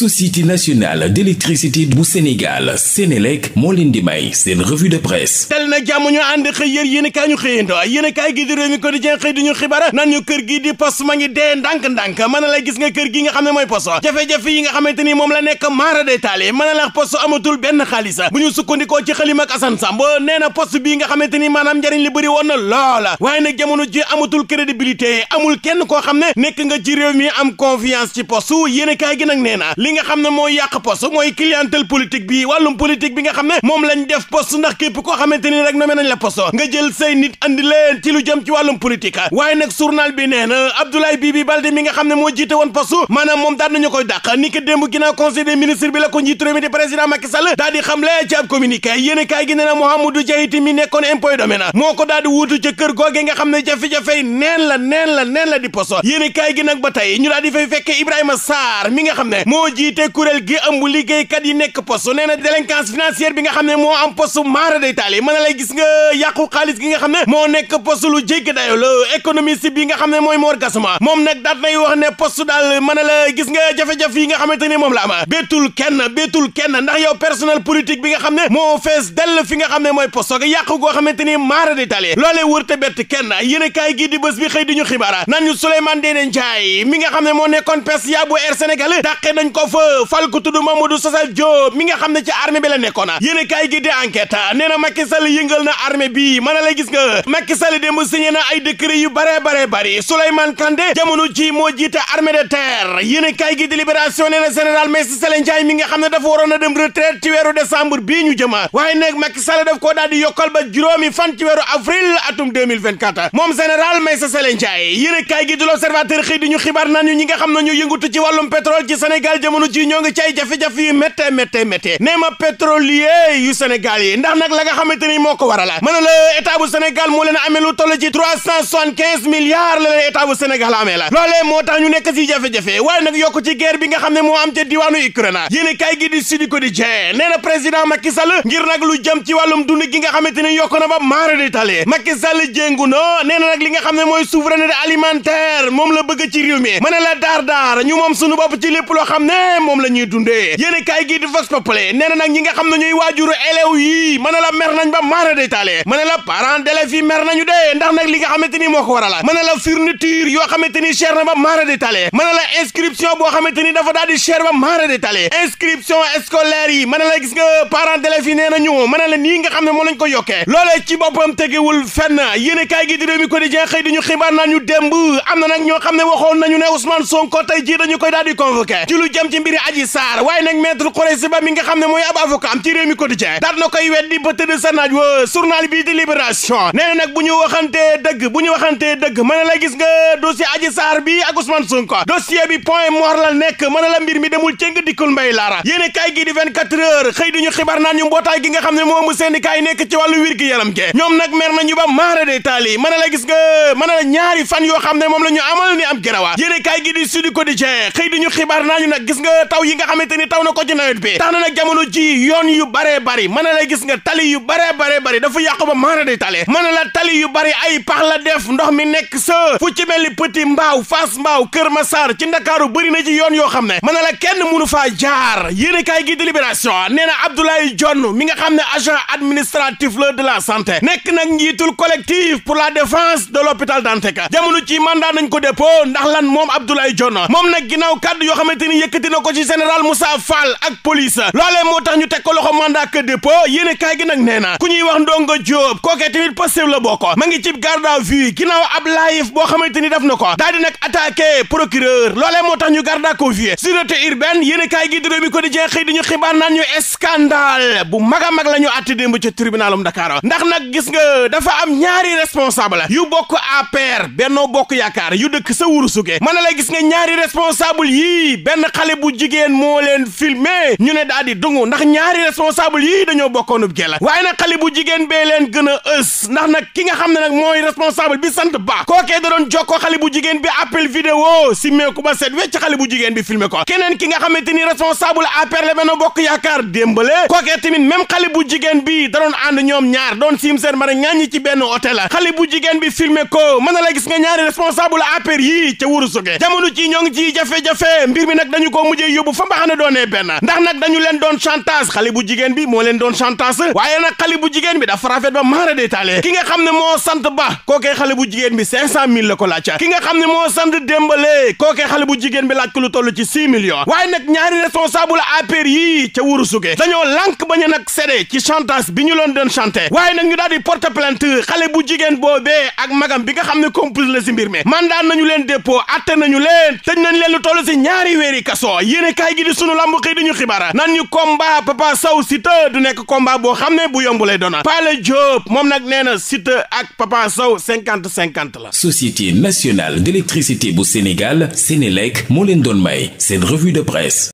société nationale d'électricité bu Sénégal Sénélec moo leen may seen revue de presse dal na jàmm ñu ànd xëy yër yéen i kaay ñu xëyando yéen i kaay gi di réew mi quotidien xëy di ñu xibaar naan ñu kër gi di pos ma ngi dee ndànk-ndànk mën na la gis nga kër gi nga xam ne mooy jafe-jafe yi nga xamante ni moom la nekk maara day taali na la poso amatul benn xaalis bu ñu sukkandikoo ci xalim ak Assane nee na poste bii nga xamante ni maanaam na loola waaye nag jamono ji li nga xam ne mooy yàq poste moom lañ na Abdoulaye Bibi ni ki démb ginnaaw conseil des bi la ko njiitu mi di président Macky Sall daal di xamle ci ab communiqué gi na Mouhamadou Diayti mi nekkoon impôt domaine moo ko daal wuutu ca kër googe nga xam ne jafe-jafey neen la neen la neen la di poste yéen kaay gi nag ba ñu daal di fay Ibrahima Sarr mi nga xam ne jiite kuréel gi ëmb liggéeykat yi nekk poste nee na délinquance financière bi nga xam ne moo am poste maara day taali mën a lay gis nga yàqu xaalis gi nga xam ne moo nekk poste lu jéggi dayo la économiste bi nga xam ne mooy Mor Gasama moom nag daat nay wax ne poste daal mën la gis nga jafe-jafe yi nga xamante ni moom la ama béetul kenn béetul kenn ndax yow personnel politique bi nga xam ne moo fees dell fi nga xam ne mooy poste ak yàqu goo xamante ni maara day taali loolee wërte bett kenn mi nga xam ne moo nekkoon PCA bu Air Sénégal nañ ko fa fal ku tudd Mamadou Sassal Diop mi nga xam ne ci armée bi la nekkoon yéen kaay gi di enquête nee na Macky Sall yëngal na armée bi mën na la gis nga Macky Sall démb signé na ay décret yu bare bare bari Souleymane Kandé jamono ji moo jiite armée de terre yéen kaay gi di libération nee na général Maître mi nga xam ne dafa waroon a dem retraite ci weeru décembre bii ñu jëma waaye nag Macky Sall daf koo daal di yokkal ba juróomi fan ci weeru avril atum 2024 moom général jamono ji ñoo ngi cay jafe-jafe yu métte métte métte nee ma pétrolier yu Sénégal yi ndax nag la nga xamante ni moo ko waral mën na la état bu Sénégal moo leen amee lu toll ci trois cent soixante-quinze milliards la leen état bu Sénégal moo tax ñu nekk si jafe-jafe waaye yokk ci guerre bi nga xam ne moo am ca diwaanu Ukraine yéen kay gi di Sud Quotidien nee na ngir nag lu jëm ci wàllum dund gi nga xamante ni yokk na ba maara di tale Macky Sall no na nee na nag li nga xam ne mooy souveraineté alimentaire moom la bëgg ci réew mi mën ne la daar daar ñu moom sunu bopp ci lépp loo xam ne moom la ñuy dundee yéen a kaay gii di vox populi nee na nag ñi nga xam ne ñuy waajuru élèves yi mën na la mer ba maara day taale mën na la parents d'élèves dee ndax nag li nga xamante ni moo ko waral mën na la fourniture yoo xamante na ba maara day taale mën na la inscription boo xamante dafa daal di ba maara day taale inscription scolaire yi mën na la gis nga nii nga xam ne moo ko yokkee loolee ci boppam tegewul fenn yéen a kaay gii na nag ci mbiri aji saar waaye nag maître Khoureyssi Ba mi nga xam ne mooy ab avocat am ci réew mi quotidien daat na koy weddi ba tëdd sa naaj wa bi di libération nag bu ñu waxantee dëgg bu ñu waxantee dëgg mën na la gis nga dossier aji saar bi ak Ousmane Sonko dossier bi point mort la nekk mën na la mbir mi demul cëng dikkul mbay laara yéen kaay gi di 24 heures xëy di ñu xibaar naan ñu mbootaay gi nga xam ne moomu syndicat yi nekk ci wàllu wér gi yaram yoo xam ne moom la ñu amal ni di Sud Quotidien xëy di ñu gis taw yi nga xamante ni taw na ko ci nawet bi tax na nag jamono ji yoon yu baree bari na la gis nga tali yu baree baree bari dafa yàqu ba maara day tale mën na la tali yu bari ay pax la def ndox mi nekk sa fu ci mel ni Petit Mbaaw Fass Mbaaw Kër Massar ci Ndakaaru bëri na ci yoon yoo xam ne ma na la kenn mënu faa jaar yéene kaay gi di Libération nee na Abdoulaye Dione mi nga xam ne agent administratif la de la santé nekk na njiitul collectif pour la défense de l'hôpital Dantec jamono ci mandat nañ ko dépôt ndax lan moom Abdoulaye Dione moom nag ginnaaw kàddu na ko ci général Moussa Fall ak police loolee moo tax ñu teg ko loxo mandat que dépôt yéen kaay gi nag nee na ku ñuy wax Ndongo Diop ko tamit Pastef la bokk ma ngi cib garde à vue ab live boo xamante ni daf na ko daal di nag attaqué procureur loolee moo tax ñu garde à vue sûreté urbaine yéen kaay gi di Rewmi Quotidien xëy di ñu xibaar naan ñu scandale bu mag a mag la ñu àtti démb ca tribunalum Dakar ndax nag gis nga dafa am ñaari responsable yu bokk APR Benno Bokk Yaakaar yu dëkk sa wuru suke na la gis nga ñaari responsable yii benn xale bu jigéen moo leen filmer ñu ne daal di dungu ndax ñaari responsable yii dañoo bokkoonub gela waaye na xale bu jigéen bee leen gën a ës ndax nag ki nga xam ne nag mooy responsable bi sant ba kookee da doon jokkoo xale bu jigéen bi appel vidéo si meeku ba seet wecc xale bu jigéen bi filmer ko keneen ki nga xam xamante ni responsable APR la benn bokk yaakaar démbale kookee tamit même xale bu jigéen bi da doon ànd ñoom ñaar doon siim seen mara ñaañi ci benn hôtel la xale bu jigéen bi filmer ko mën na la gis nga ñaari responsable APR yii ca wuru suge ñoo ngi ci jafe-jafe mbir mi mujjee yóbbu fa mbaxane doonee benn ndax nag dañu leen doon chantage xale bu jigéen bi moo leen doon chantage waaye nag xale bu jigéen bi dafa rafet ba maara détaillé ki nga xam ne moo sant ba kookee xale bu jigéen bi cinq cent mille la ko laaj ki nga xam ne moo sant démbale kookee xale bu jigéen bi laaj ko lu toll ci six millions waaye nag ñaari responsable APR yi ca wuru suge dañoo lànk bañ a nag sédee ci chantage bi ñu loon doon chanté waaye nag ñu daal di porte plainte xale bu jigéen boobee ak magam bi nga xam ne complice la si mbir mi mandat nañu leen dépôt atte nañu leen tëj nañ leen si ñaari weeri kaso yéene kaay gi di sunu lamb xëy ñu xibaar nan ñu combat Papa Sow Siteu du nekk combat boo xam ne bu yomb lay doona Paale Diop moom nag nee na Siteu ak Papa Sow cinquante cinquante la. Société nationale d'électricité bu Sénégal Sénélec moo leen doon may seen revue de presse.